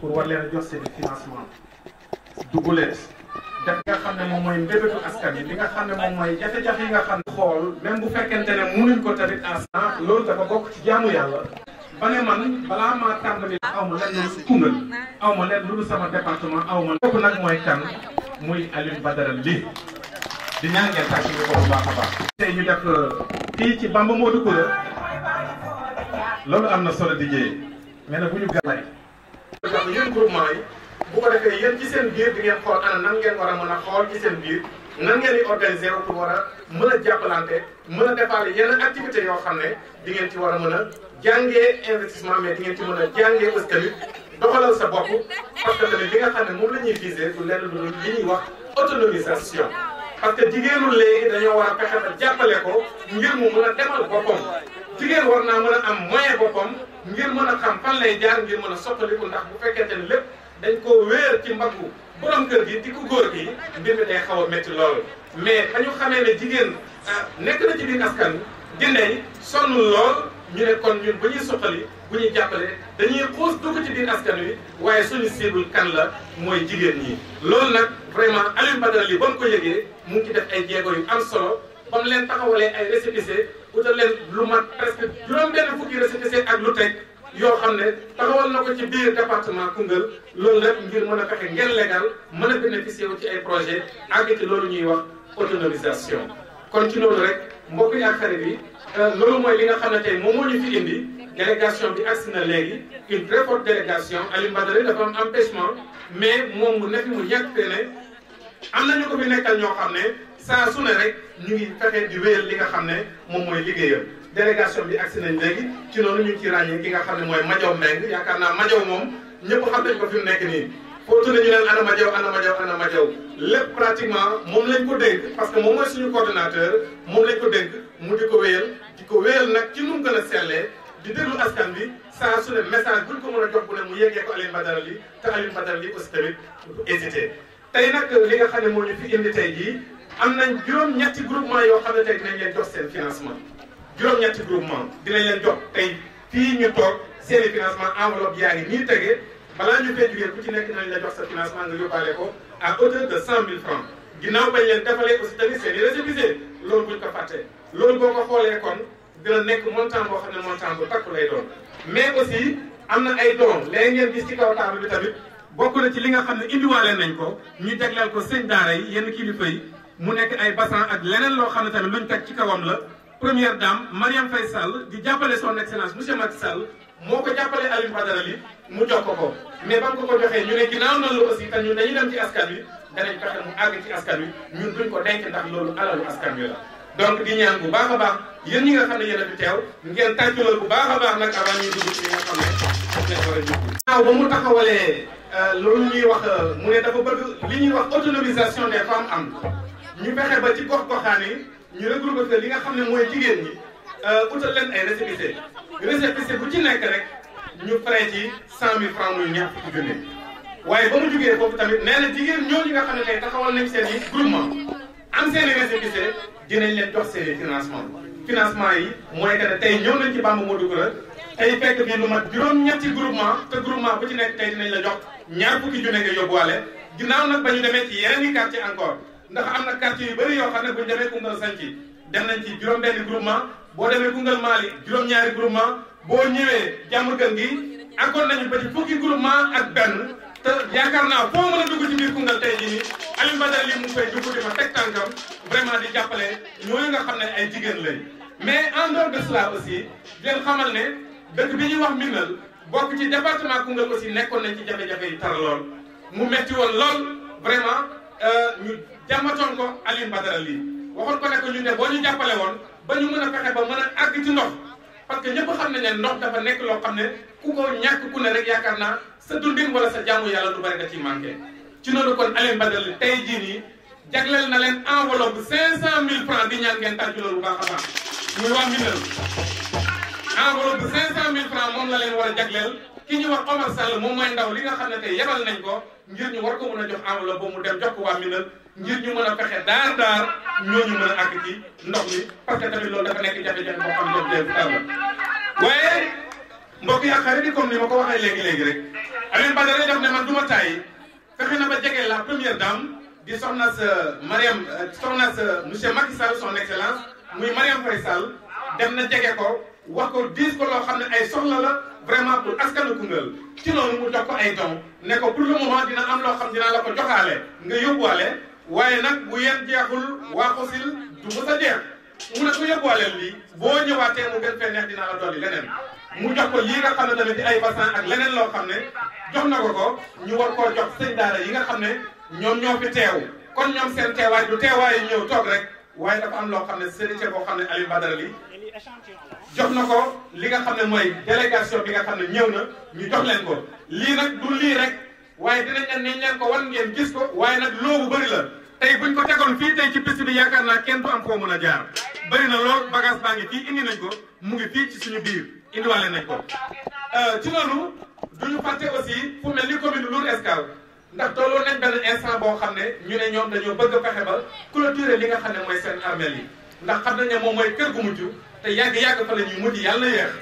pour war leen a jox seen financement duguleet def nga xam ne moom mooy mbébétu askan yi li nga xam ne moom mooy jafe-jafe yi nga xam ne xool même bu fekkente ne munuñ ko tamit instant loolu dafa bokk ci jaamu yàlla ba ne man balaa maa tàmbali aw ma leen lu Koungheul aw ma leen lu sama département aw ma kooku nag mooy kan muy Alioune Badara Ly di ñaan ngeen tàcc ñu ko bu baax a ñu def euh, fii ci Bamba Modou Coura loolu am na solo di jee mais bu ñu gàllaay xam yéen groupement yi defee yéen ci seen biir di ngeen xool nan ngeen war a mën a xool ci seen biir nan ngeen di organiser wu pour mën a jàppalante mën yoo xam ne di ngeen ci war mën a jàngee investissement mais di ngeen ci mën a jàngee aussi tamit doxalal sa bopp parce que li nga xam ne moom la ñuy viser du lenn lu li ñuy wax autonomisation parce que jigéenu léegi dañoo war a fexe ba jàppale ko ngir mu mën a demal boppam jigéen war naa mën a am moyen boppam ngir mën a xam fan lay jaar ngir mën a soppaliku ndax bu fekkente ne lépp dañ koo wéer ci mbaggu borom kër gi di ku góor gi mbir mi day xaw a métti lool mais fa ñu xamee ne jigéen euh, nekk na ci biir askan dinañ sonn lool ñu ne kon ñun bu ñuy suqali bu ñuy jàppale dañuy xuus dugg ci biir askan wi waaye suñu cible kan la mooy jigéen ñi. loolu nag vraiment Alioune Badara Ly ba mu ko yëgee mu ngi ci def ay jéego yu am solo ba mu leen taxawalee ay récépissé utal leen lu mat presque juróom fukki récépissé ak lu teg yoo xam ne taxawal na ko ci biir département Koungheul loolu lépp ngir mën a fexe ngeen légal mën a bénéficier wu ci ay projet àgg ci loolu ñuy wax autonomisation. kon ci loolu rek mbokk yi ak xarit yi euh, loolu mooy li nga xam ne tey moom moo ñu fi indi délégation bi agsi na léegi une très forte délégation Alioune Badara dafa am mais moom mu nekk mu ñàkk ne. am na ñu ko fi nekkal ñoo xam ne saa su ne rek ñu ngi fexe di wéyal li nga xam ne moom mooy liggéeyam délégation bi agsi nañ léegi ci noonu ñu ngi ciy ràññee ki nga xam ne mooy Majaw Mbeng yaakaar naa majoo moom ñëpp xam nañ ko fi mu nekk nii foofu nañu leen ana Majaw ana Majaw ana Majaw lépp pratiquement moom lañ ko dénk parce que moom mooy suñu coordonnateur moom lañ ko dénk mu di ko wéyal di ko wéyal nag ci nu gën a sellee di déglu askan bi saa su ne message buñ ko mën a jox bu ne mu yeggee ko Alioune Badara li te Alioune Badara tey nag li nga xam ne moo ñu fi indi tey jii am nañ juróom-ñetti groupement yoo xam ne tey dinañ leen jox seen financement juróom-ñetti groupement dinañ leen jox tey fii ñu toog seen i financement enveloppe yaa ngi nii tege balaa ñu fee jugee ku ci nekk nañ la jox sa financement nga yóbbaale ko à hauteur de cent mille francs ginnaaw bañ leen defalee aussi tamit seen i récépissé loolu buñ ko fàttee loolu boo ko xoolee kon dina nekk montant boo xam ne montant bu takku lay doon mais aussi am na ay dons léegi ngeen gis ci bokk na ci li nga xam ne indiwaale nañ ko ñu jagleel ko sëñ daara yi yenn kilifa yi mu nekk ay bassin ak leneen loo xam ne tamit luñ teg ci kawam la première dame Mariam Faye Sall di jàppale son excellence monsieur Macky Sall moo ko jàppale Aliou Badara li mu jox ko ko mais ba mu ko ko joxee ñu ne ginnaaw noonu la aussi te ñun dañuy dem ci askan wi danañ fexe mu àgg ci askan wi ñun duñ ko denc ndax loolu alalu askan wi la. donc di ñaan bu baax a baax yéen ñi nga xam ne yéen a a Euh, loolu ñuy wax euh, mu ne dafa bëgg li ñuy wax autonomisation des femmes am ñu fexe ba ci gox-goxaan yi ñu regroupé li nga xam ne mooy jigéen ñi euh, utal leen ay récépissé récépissé bu ci nekk rek ñu frais ci cent mille francs muy ñaar fukki junne waaye ba mu jugee foofu tamit nee na jigéen ñooñu nga xam ne ay taxawal nañ seen i groupement am seen i récépissé dinañ leen jox seen i financement financement yi mooy que ne tey ñëw nañ ci Bamba Modou Koura tey fekk bi lu mat juróom-ñetti groupement te groupement bu ci nekk tey dinañ la jox ñaar fukki junne nga yóbbuwaale ginnaaw nag ba demee ci yeneen i quartier encore ndax am na quartier yu bëri yoo xam ne bu ñu demee Koungheul Santhie dem nañ ci juróom-benn groupement boo demee Koungheul Mali juróom-ñaari groupement boo ñëwee jàmm gën gi encore nañu ba ci fukki groupement ak benn te yaakaar naa foo mën a dugg ci biir Koungheul tey jii nii mu ngi koy dugg di fa teg tànkam vraiment di jàppale ñooñu nga xam ne mais en dehors de cela aussi di ne dëkk bi ñuy wax Mbineel bokk ci département Koungheul aussi nekkoon nañ ci jafe-jafe yi tar lool mu metti woon lool vraiment euh, ñu jàmmatoon ko Alioune Badara lii waxoon ko ne ko ñu ne ñu jàppale woon ba ñu mën a fexe ba mën a àgg ci ndox parce que ñëpp xam nañ ne ndox dafa nekk loo xam ne ku ko ñàkk ku ne rek yaakaar naa sa dundin wala sa jàmm yàlla lu bari da ciy manqué. ci noonu kon Alioune Badara tey jii nii jagleel na leen enveloppe 500000 francs di ñaan ngeen tàjju loolu bu a baax muy waa Mbineel enveloppe bu 500000 francs moom la leen war a jagleel ki ñu wax Omar Sall moom mooy ndaw li nga xam ne tey yebal nañ ko ngir ñu war ko mën a jox enveloppe ba mu dem jox waa Minal ngir ñu mën a fexe daar daar ñooñu mën a àgg ci ndox mi parce que tamit loolu dafa nekk jafe-jafe boo xam ne def tàll waaye mbokk yi ak xarit yi comme ni ma ko waxee léegi léegi rek Alioune Badara def ne man du ma fexe na ba jege la première dame di soxna sa Mariam soxna sa monsieur Macky Sall son excellence muy Mariam Faye Sall dem ko wax ko diis ko loo xam ne ay soxla la vraiment pour askanu Koungheul ci loolu mu jox ko ay don ne ko pour le moment dina am loo xam dinaa la ko joxaale nga yóbbuwaale waaye nag bu yéen jeexul waa xosil du mu sa jeex mu ne ko yóbbuwaaleel lii boo ñëwaatee mu gën fee neex dinaa la dolli leneen mu jox ko lii nga xam ne tamit di ay bassin ak leneen loo xam ne jox na ko ko ñu war koo jox sëñ daara yi nga xam ne ñoom ñoo fi teew kon ñoom seen teewaay du teewaay yi ñëw toog rek waaye dafa am loo xam ne seen boo xam ne ay Badara li jox na ko li nga xam ne mooy délégation bi nga xam ne ñëw na ñu jox leen ko lii nag du lii rek waaye dinañ leen nañ leen ko wan ngeen gis ko waaye nag loobu bëri la tey buñ ko tegoon fii tey ci piste bi yaakaar naa kenn du am koo mën a jaar bëri na lool bagage baa ngi fii indi nañ ko mu ngi fii ci suñu biir indiwaale nañ ko euh, ci loolu ñu fàtte aussi fu mel ni commune Lour Escale ndax tolloo nañ benn instant boo xam ne ñu ne ñoom dañoo bëg a fexe ba clôturer li nga xam ne mooy seen armeel yi ndax nañ ne moom mooy kër gu mujj te yàgg-yàgg fa la ñuy mujj yàlla yéex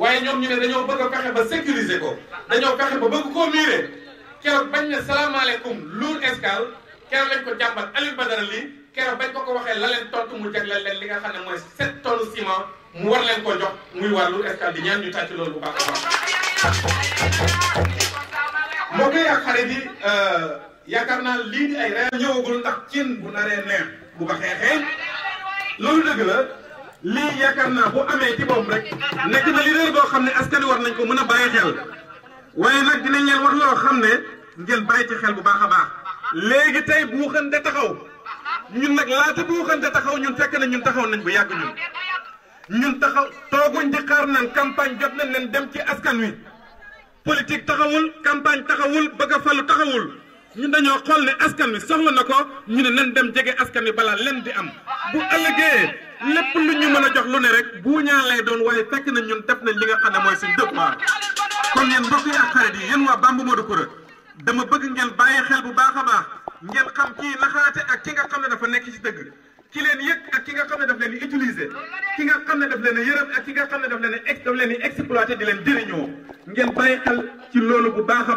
waaye ñoom ñu ne dañoo bëgg a fexe ba sécuriser ko dañoo fexe ba bëgg koo miiree keroog bañ ne salaamaaleykum Lour Escale keroog lañ ko jàmbat Aliou Badara lii keroog bañ ko ko waxee la leen tontu mu jagleel leen li nga xam ne mooy sept tonnes ciment mu war leen ko jox muy waa Lour Escale di ñaan ñu tàcc loolu bu baax a baax. moo koy ak xarit euh, yaakaar naa lii di ay réew ñëwagul ndax cin bu naree neex bu ba loolu dëgg la. lii yaakaar naa bu amee ci boobu rek nekk na li réer boo xam ne askan war nañ ko mën a bàyyi xel waaye nag dinañ leen wax loo xam ne ngeen bàyyi ci xel bu baax a baax. léegi tey buuxante taxaw ñun nag laata buuxante taxaw ñun fekk na ñun taxaw nañ bu yàgg ñun ñun taxaw tooguñ di xaar nan campagne jot nañ leen dem ci askan wi. politique taxawul campagne taxawul bëgg a falu taxawul. ñun dañoo xool ne askan wi soxla na ko ñu ne nan dem jege askan wi balaa leen di am bu ëllëgee lépp lu ñu mën a jox lu ne rek bu ñaan lay doon waaye fekk na ñun def nañ li nga xam ne mooy suñ devoir kon yéen mbokk yi ak a xam ki nga xam ne dafa nekk ci dëgg ki leen yëg ak ki nga xam ne daf leen di ki nga ne daf di ki nga ne daf leen di ex daf leen di exploité ngeen bàyyi xel ci loolu bu baax a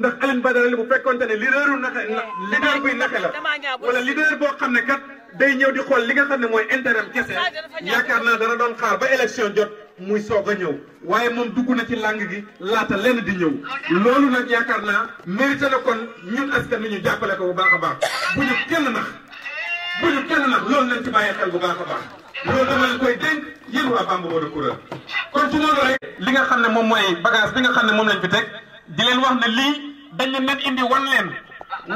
ndax Alioune Badara bu fekkonte ne leaderu naxe buy naxe la wala leader boo xam ne kat. day ñëw di xool li nga xam ne mooy intérêt am kese yaakaar naa dana doon xaar ba élection jot muy soog a ñëw waaye moom dugg na ci làng gi laata lenn di ñëw loolu nag yaakaar naa mérité na kon ñun askan wi ñu jàppale ko bu baax a baax bu ñu kenn nax bu ñu kenn nax loolu nañ ci bàyyi xel bu a baax loolu dama leen koy dénk yéen waa Bamba li nga xam ne moom mooy bagage bi nga xam ne moom lañ fi teg di leen wax ne lii dañ leen indi wan leen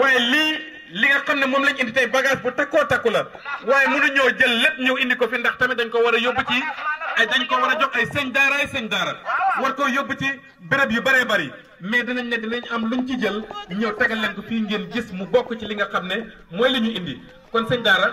waaye lii li nga xam ne moom lañ indi tey bagage bu takkoo takku la waaye mënuñoo jël lépp ñëw indi ko fi ndax tamit dañ ko war a yóbbu ci ay dañ ko war a jox ay sëñ daara ay sëñ daara war koo yóbbu ci béréb yu bëree bari mais danañ ne dinañ am luñ ci jël ñëw tegal leen ko fii ngeen gis mu bokk ci li nga xam ne mooy li ñu indi kon sëñ daara.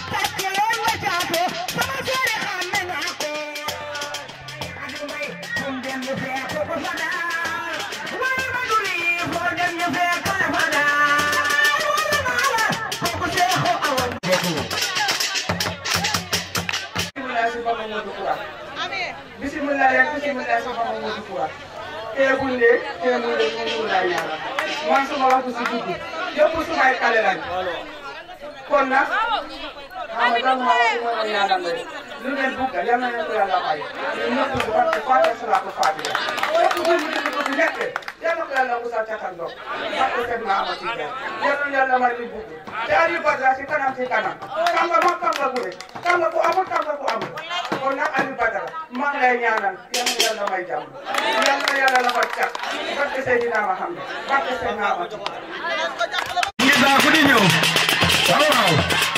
bisimilah rek bisimilah soxna ma wut quoi tey buñ dee tey buñ dee ñu ngi laa ñaanal man su ma wax si dugg yëpp su may kale lañ kon nag xam nga ma wax ma la ñaanal rek lu ngeen bugg yal na leen ko yàlla fay ñun ñëpp ñu wax ci Fatou Seye lépp lu ñu dégg bëgg nekk yal na ko yàlla musal ca kan doog parce que seen maama ci doom yal na yàlla mari li bugg te Ali Badara ci kanam ci kanam kànga mag kànga bu ne kànga bu amul kànga bu amul kon nag Ali Badara maa ngi lay ñaanal yal na yàlla may jàmm yal na yàlla la ko càkk parce que seen dinaa ma xam ne parce que seen maama ci. ñu daa ko di ñëw waaw waaw.